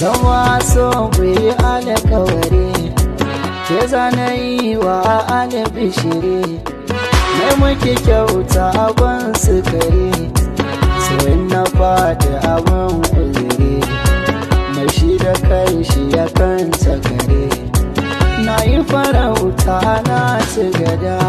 zama so kuyi yi alkawari ke zanayi wa alibishiri mai muke kyauta abin sukari sai na fata abin uzuri mai shi da kai shi ya kan sakare na yi farauta na gada.